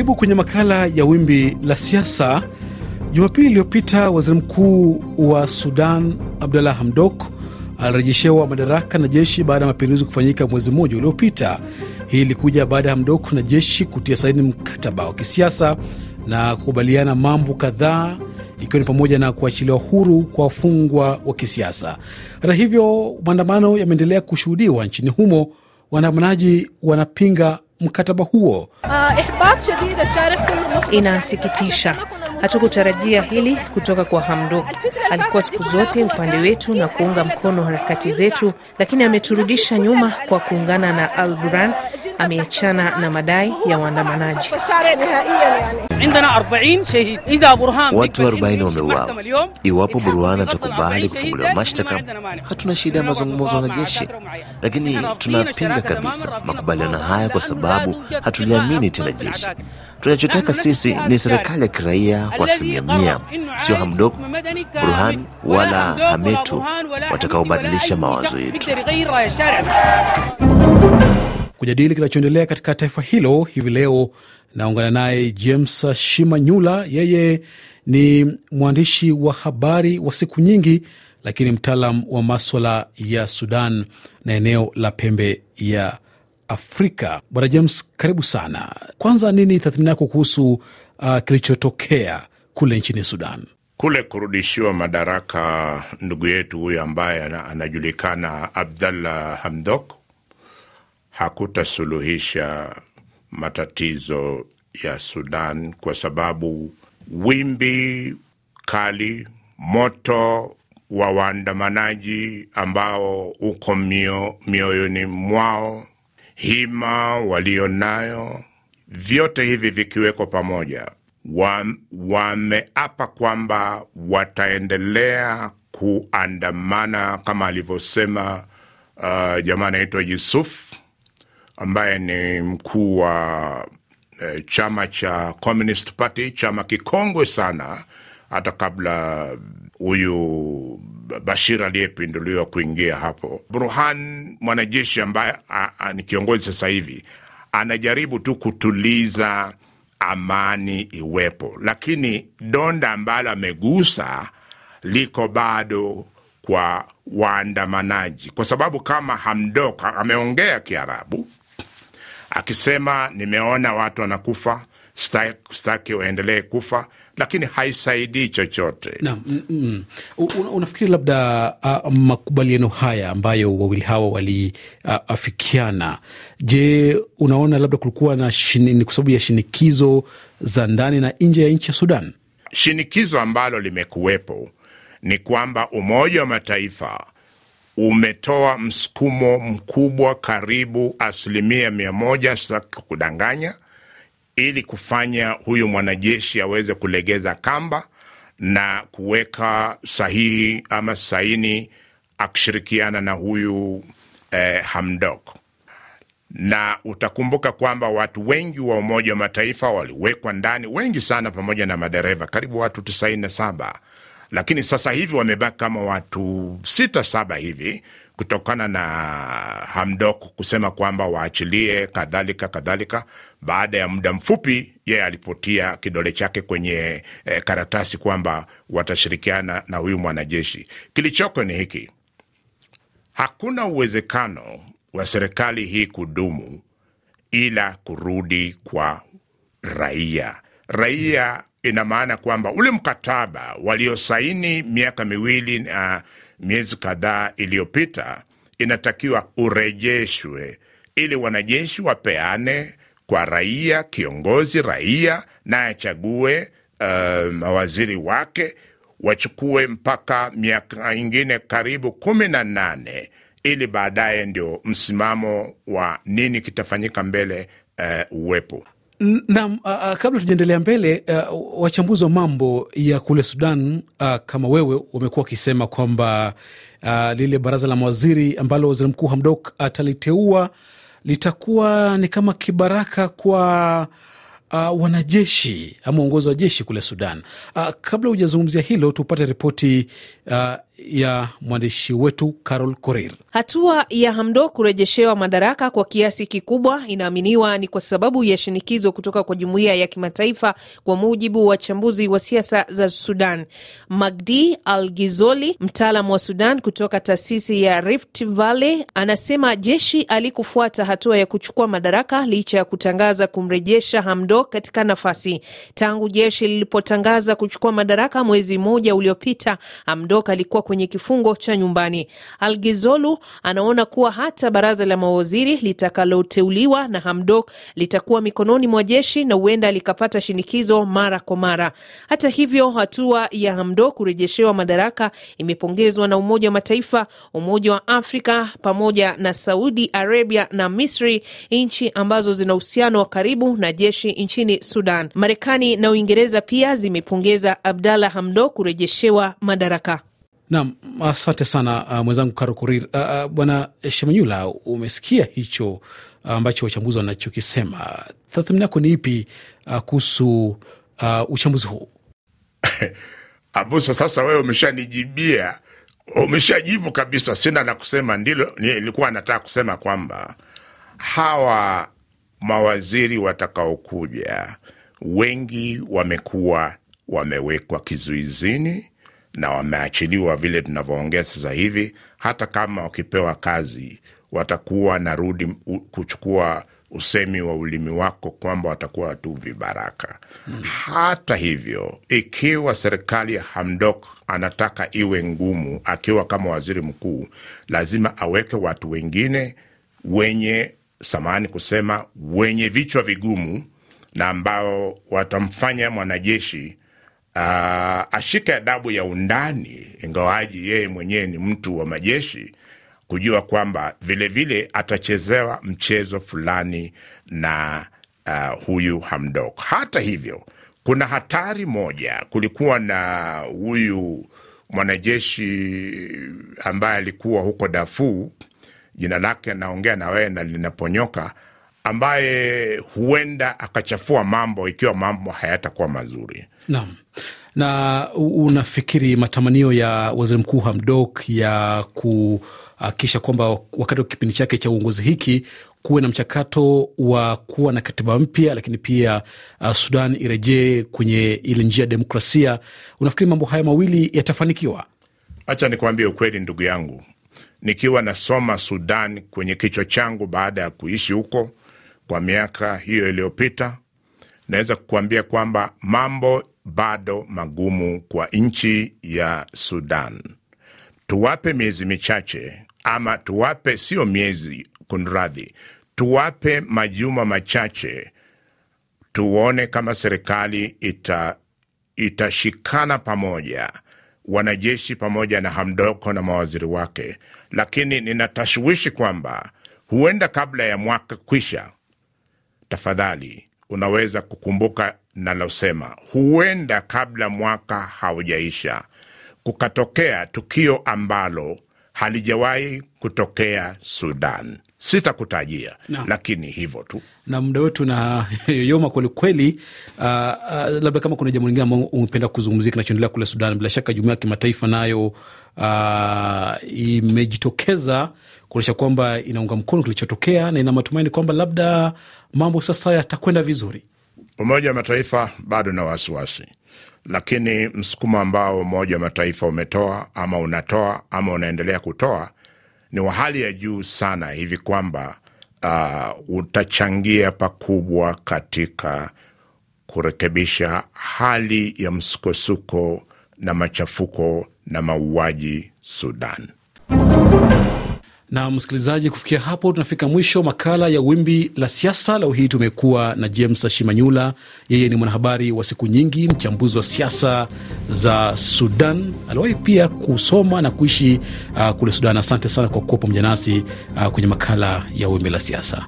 Karibu kwenye makala ya Wimbi la Siasa. Jumapili iliyopita, waziri mkuu wa Sudan Abdallah Hamdok alirejeshewa madaraka na jeshi baada ya mapinduzi kufanyika mwezi mmoja uliopita. Hii ilikuja baada ya Hamdok na jeshi kutia saini mkataba wa kisiasa na kukubaliana mambo kadhaa ikiwa ni pamoja na kuachiliwa huru kwa wafungwa wa kisiasa. Hata hivyo, maandamano yameendelea kushuhudiwa nchini humo. Waandamanaji wanapinga mkataba huo. Inasikitisha, hatukutarajia hili kutoka kwa Hamdok. Alikuwa siku zote upande wetu na kuunga mkono harakati zetu, lakini ameturudisha nyuma kwa kuungana na Al Buran ameachana na madai ya waandamanaji. Watu 40 wameuawa. Iwapo Burhan atakubali kufunguliwa mashtaka, hatuna shida ya mazungumzo na jeshi, lakini tunapinga kabisa makubaliano haya kwa sababu hatuliamini tena jeshi. Tunachotaka sisi ni serikali ya kiraia kwa asilimia mia, sio Hamdok, Burhan wala Hametu watakaobadilisha mawazo yetu. Kujadili kinachoendelea katika taifa hilo hivi leo, naungana naye James shima nyula Yeye ni mwandishi wa habari wa siku nyingi, lakini mtaalam wa maswala ya Sudan na eneo la pembe ya Afrika. Bwana James, karibu sana. Kwanza, nini tathmini yako kuhusu uh, kilichotokea kule nchini Sudan? Kule kurudishiwa madaraka ndugu yetu huyu ambaye anajulikana Abdallah Hamdok hakutasuluhisha matatizo ya Sudan kwa sababu wimbi kali, moto wa waandamanaji ambao uko mio, mioyoni mwao, hima walionayo, vyote hivi vikiwekwa pamoja, wameapa wa kwamba wataendelea kuandamana kama alivyosema uh, jamaa anaitwa Yusuf ambaye ni mkuu wa e, chama cha Communist Party, chama kikongwe sana, hata kabla huyu Bashir aliyepinduliwa kuingia hapo. Burhan, mwanajeshi ambaye ni kiongozi sasa hivi, anajaribu tu kutuliza amani iwepo, lakini donda ambalo amegusa liko bado kwa waandamanaji, kwa sababu kama Hamdok ameongea Kiarabu akisema nimeona watu wanakufa, staki waendelee kufa, lakini haisaidii chochote. na, mm, mm. Unafikiri labda uh, makubaliano haya ambayo wawili hawa waliafikiana, uh, je, unaona labda kulikuwa na ni kwa sababu ya shinikizo za ndani na nje ya nchi ya Sudan? Shinikizo ambalo limekuwepo ni kwamba Umoja wa Mataifa umetoa msukumo mkubwa, karibu asilimia mia moja, sitaki kudanganya, ili kufanya huyu mwanajeshi aweze kulegeza kamba na kuweka sahihi ama saini akishirikiana na huyu eh, Hamdok. Na utakumbuka kwamba watu wengi wa Umoja wa Mataifa waliwekwa ndani, wengi sana, pamoja na madereva, karibu watu tisaini na saba lakini sasa hivi wamebaki kama watu sita saba hivi kutokana na Hamdok kusema kwamba waachilie kadhalika kadhalika. Baada ya muda mfupi, yeye alipotia kidole chake kwenye eh, karatasi kwamba watashirikiana na huyu mwanajeshi. Kilichoko ni hiki, hakuna uwezekano wa serikali hii kudumu ila kurudi kwa raia raia ina maana kwamba ule mkataba waliosaini miaka miwili na miezi kadhaa iliyopita inatakiwa urejeshwe ili wanajeshi wapeane kwa raia, kiongozi raia naye achague uh, mawaziri wake, wachukue mpaka miaka ingine karibu kumi na nane ili baadaye ndio msimamo wa nini kitafanyika mbele uh, uwepo Naam, uh, uh, kabla tujaendelea mbele, uh, wachambuzi wa mambo ya kule Sudan uh, kama wewe wamekuwa wakisema kwamba uh, lile baraza la mawaziri ambalo waziri mkuu Hamdok ataliteua litakuwa ni kama kibaraka kwa uh, wanajeshi ama uongozi wa jeshi kule Sudan. Uh, kabla hujazungumzia hilo, tupate ripoti uh, ya mwandishi wetu Carol Korir. Hatua ya Hamdo kurejeshewa madaraka kwa kiasi kikubwa inaaminiwa ni kwa sababu ya shinikizo kutoka kwa jumuiya ya kimataifa, kwa mujibu wa wachambuzi wa siasa za Sudan. Magdi Al Gizoli, mtaalam wa Sudan kutoka taasisi ya Rift Valley, anasema jeshi alikufuata hatua ya kuchukua madaraka licha ya kutangaza kumrejesha Hamdo katika nafasi. Tangu jeshi lilipotangaza kuchukua madaraka mwezi mmoja uliopita, Hamdok alikuwa kwenye kifungo cha nyumbani. Algizolu anaona kuwa hata baraza la mawaziri litakaloteuliwa na Hamdok litakuwa mikononi mwa jeshi na huenda likapata shinikizo mara kwa mara. Hata hivyo, hatua ya Hamdok kurejeshewa madaraka imepongezwa na Umoja wa Mataifa, Umoja wa Afrika pamoja na Saudi Arabia na Misri, nchi ambazo zina uhusiano wa karibu na jeshi nchini Sudan. Marekani na Uingereza pia zimepongeza Abdalla Hamdok kurejeshewa madaraka. Nam, asante sana uh, mwenzangu Karo Kurir. Uh, uh, Bwana Shemanyula, umesikia hicho uh, ambacho uh, wachambuzi wanachokisema. Tathmini yako ni ipi uh, kuhusu uh, uchambuzi huu? abusa sasa wewe umeshanijibia, umeshajibu kabisa, sina la kusema. Ndilo nilikuwa nataka kusema kwamba hawa mawaziri watakaokuja wengi wamekuwa wamewekwa kizuizini na wameachiliwa vile tunavyoongea sasa hivi. Hata kama wakipewa kazi, watakuwa narudi kuchukua usemi wa ulimi wako kwamba watakuwa tu vibaraka hmm. Hata hivyo, ikiwa serikali ya Hamdok anataka iwe ngumu, akiwa kama waziri mkuu, lazima aweke watu wengine wenye samani kusema wenye vichwa vigumu na ambao watamfanya mwanajeshi uh, ashike adabu ya undani, ingawaji yeye mwenyewe ni mtu wa majeshi, kujua kwamba vilevile atachezewa mchezo fulani na uh, huyu Hamdok. Hata hivyo, kuna hatari moja. Kulikuwa na huyu mwanajeshi ambaye alikuwa huko dafuu jina lake naongea na wewe na linaponyoka ambaye huenda akachafua mambo ikiwa mambo hayatakuwa mazuri. Naam. Na unafikiri matamanio ya waziri mkuu Hamdok ya kuhakikisha kwamba wakati wa kipindi chake cha uongozi hiki kuwe na mchakato wa kuwa na katiba mpya, lakini pia uh, Sudan irejee kwenye ile njia ya demokrasia, unafikiri mambo haya mawili yatafanikiwa? Hacha nikuambie ukweli, ndugu yangu, nikiwa nasoma Sudan kwenye kichwa changu baada ya kuishi huko kwa miaka hiyo iliyopita, naweza kukuambia kwamba mambo bado magumu kwa nchi ya Sudan. Tuwape miezi michache ama tuwape, sio miezi, kunradhi, tuwape majuma machache, tuone kama serikali ita itashikana pamoja wanajeshi pamoja na Hamdoko na mawaziri wake, lakini ninatashwishi kwamba huenda kabla ya mwaka kwisha tafadhali unaweza kukumbuka nalosema. Huenda kabla mwaka haujaisha kukatokea tukio ambalo halijawahi kutokea Sudan sitakutajia lakini hivyo tu na muda wetu na yoyoma kwelikweli. Uh, ah, uh, ah, labda kama kuna jambo lingine ambao umependa kuzungumzia kinachoendelea kule Sudan, bila shaka jumuia ya kimataifa nayo uh, imejitokeza kuonyesha kwamba inaunga mkono kilichotokea na ina matumaini kwamba labda mambo sasa yatakwenda vizuri. Umoja wa Mataifa bado na wasiwasi lakini msukumo ambao Umoja wa Mataifa umetoa ama unatoa ama unaendelea kutoa ni wa hali ya juu sana hivi kwamba uh, utachangia pakubwa katika kurekebisha hali ya msukosuko na machafuko na mauaji Sudan. Na msikilizaji, kufikia hapo tunafika mwisho makala ya Wimbi la Siasa. Leo hii tumekuwa na James Shimanyula, yeye ni mwanahabari wa siku nyingi, mchambuzi wa siasa za Sudan, aliwahi pia kusoma na kuishi uh, kule Sudan. Asante sana kwa kuwa pamoja nasi uh, kwenye makala ya Wimbi la Siasa.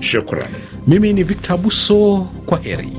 Shukran. Mimi ni Victor Buso, kwa heri.